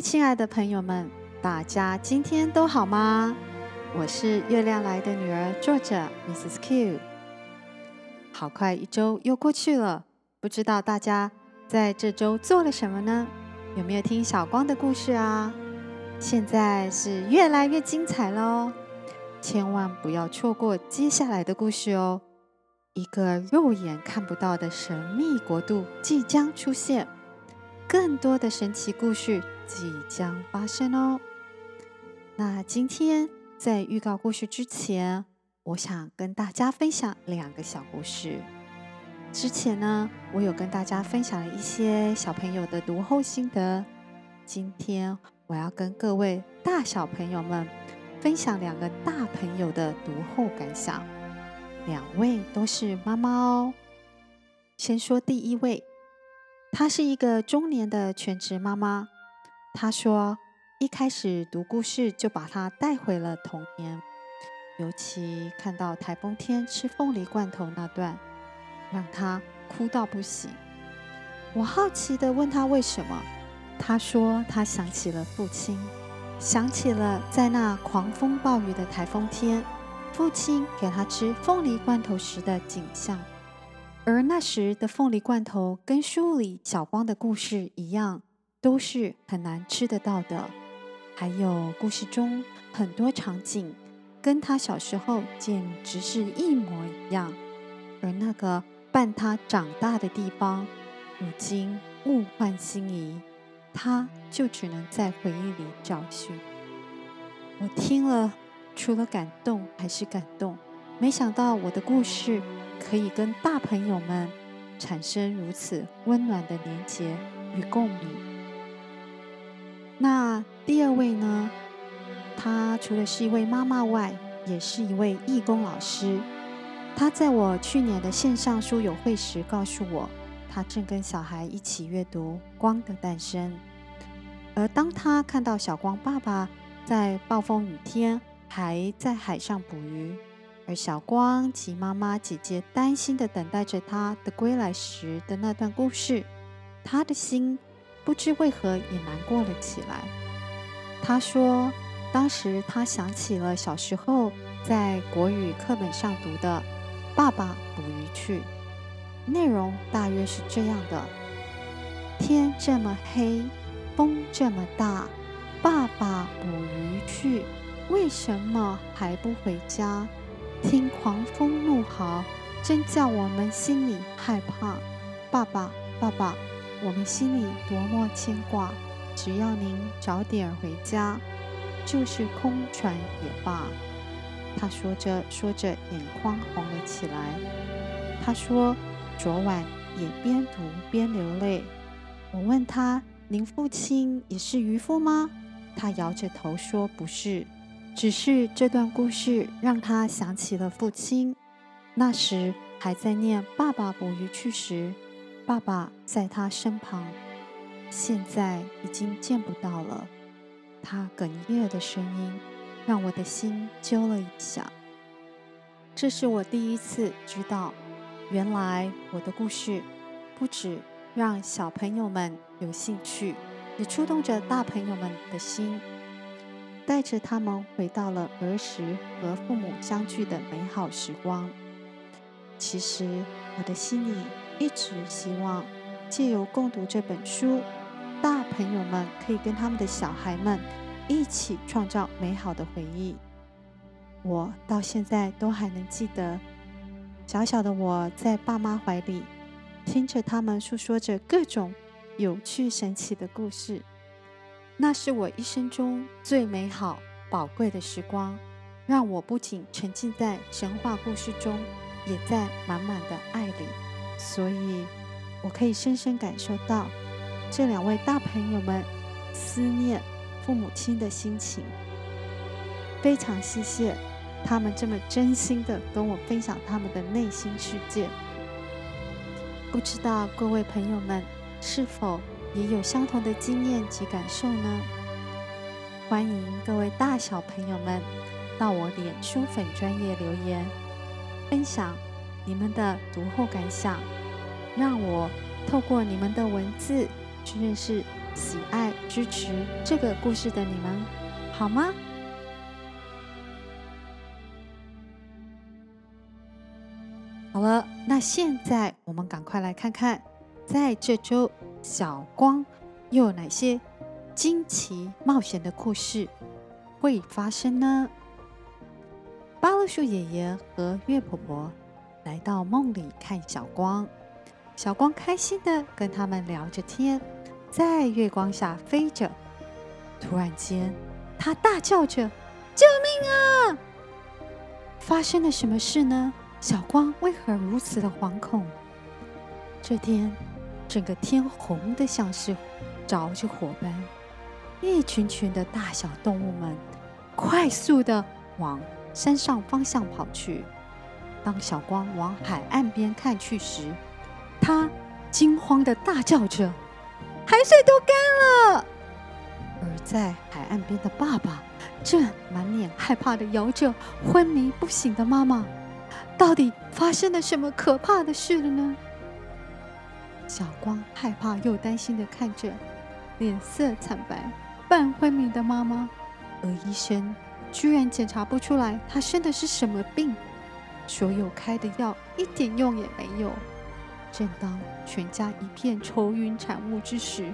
親愛的朋友們，大家今天都好嗎？我是月亮來的女兒，作者 Mrs. Q。好快，一周又過去了，不知道大家在這周做了什麼呢？有沒有聽小光的故事啊？現在是越來越精彩嘍，千萬不要錯過接下來的故事哦！一個肉眼看不到的神秘國度即將出現。更多的神奇故事即將發生哦！那今天在預告故事之前，我想跟大家分享兩個小故事。之前呢，我有跟大家分享了一些小朋友的讀後心得。今天我要跟各位大小朋友們分享兩個大朋友的讀後感想，兩位都是媽媽哦。先說第一位。她是一個中年的全職媽媽。她說，一開始讀故事就把她帶回了童年，尤其看到台風天吃鳳梨罐頭那段，讓她哭到不行。我好奇地問她為什麼，她說她想起了父親，想起了在那狂風暴雨的台風天，父親給她吃鳳梨罐頭時的景象。而那時的鳳梨罐頭跟書裡小光的故事一樣，都是很難吃得到的。還有故事中很多場景，跟他小時候簡直是一模一樣。而那個伴他長大的地方，如今物換星移，他就只能在回憶裡找尋。我聽了，除了感動還是感動。沒想到我的故事。可以跟大朋友們產生如此溫暖的連結與共鳴。那第二位呢？她除了是一位媽媽外，也是一位義工老師。她在我去年的線上書友會時告訴我，她正跟小孩一起閱讀《光的誕生》，而當她看到小光爸爸在暴風雨天還在海上捕魚，而小光及媽媽、姐姐擔心地等待着他的歸來時的那段故事，他的心不知為何也難過了起來。他說：“當時他想起了小時候在國語課本上讀的《爸爸捕魚去》，內容大約是這樣的：天這麼黑，風這麼大，爸爸捕魚去，為什麼還不回家？”聽狂風怒號，真叫我們心裡害怕。爸爸，爸爸，我們心裡多麼牽掛！只要您早點回家，就是空船也罷。他說着說着，眼眶紅了起來。他說，昨晚也邊讀邊流淚。我問他：“您父親也是漁夫嗎？”他搖着頭說：“不是。”只是這段故事讓他想起了父親，那時還在念“爸爸捕魚去”時，爸爸在他身旁，現在已經見不到了。他哽咽的聲音讓我的心揪了一下。這是我第一次知道，原來我的故事，不止讓小朋友們有興趣，也觸動着大朋友們的心。帶着他們回到了兒時和父母相聚的美好時光。其實，我的心裡一直希望，借由共讀這本書，大朋友們可以跟他們的小孩們一起創造美好的回憶。我到現在都還能記得，小小的我在爸媽懷裡，聽着他們訴說着各種有趣神奇的故事。那是我一生中最美好、寶貴的時光，讓我不僅沉浸在神話故事中，也在滿滿的愛裡。所以，我可以深深感受到這兩位大朋友們思念父母親的心情。非常謝謝他們這麼真心的跟我分享他們的內心世界。不知道各位朋友們是否也有相同的經驗及感受呢？歡迎各位大小朋友們到我臉書粉專頁留言，分享你們的讀後感想，讓我透過你們的文字去認識、喜愛、支持這個故事的你們，好嗎？好了，那現在我們趕快來看看，在這周。小光又有哪些驚奇冒險的故事會發生呢？巴勒樹爺爺和月婆婆來到夢裡看小光，小光開心地跟他們聊着天，在月光下飛着。突然間，他大叫着：“救命啊！”發生了什麼事呢？小光為何如此的惶恐？這天。整個天紅的，像是着着火般，一群群的大小動物們快速的往山上方向跑去。當小光往海岸邊看去時，他驚慌的大叫着：“海水都乾了！”而在海岸邊的爸爸正滿臉害怕的搖着昏迷不醒的媽媽。到底發生了什麼可怕的事了呢？小光害怕又擔心地看着，臉色慘白、半昏迷的媽媽，而醫生居然檢查不出來她生的是什麼病，所有開的藥一點用也沒有。正當全家一片愁雲慘霧之時，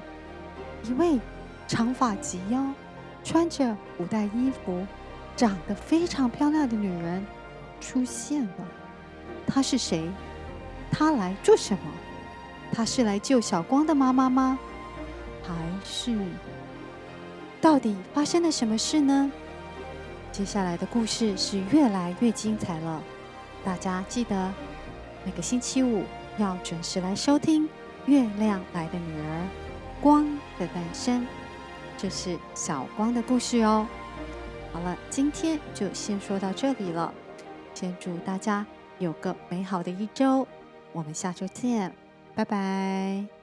一位長髮及腰、穿着古代衣服、長得非常漂亮的女人出現了。她是誰？她來做什麼？她是來救小光的媽媽嗎？還是到底發生了什麼事呢？接下來的故事是越來越精彩了。大家記得每個星期五要準時來收聽《月亮來的女兒》《光的誕生》，這是小光的故事哦。好了，今天就先說到這裡了。先祝大家有個美好的一周，我們下周見。拜拜。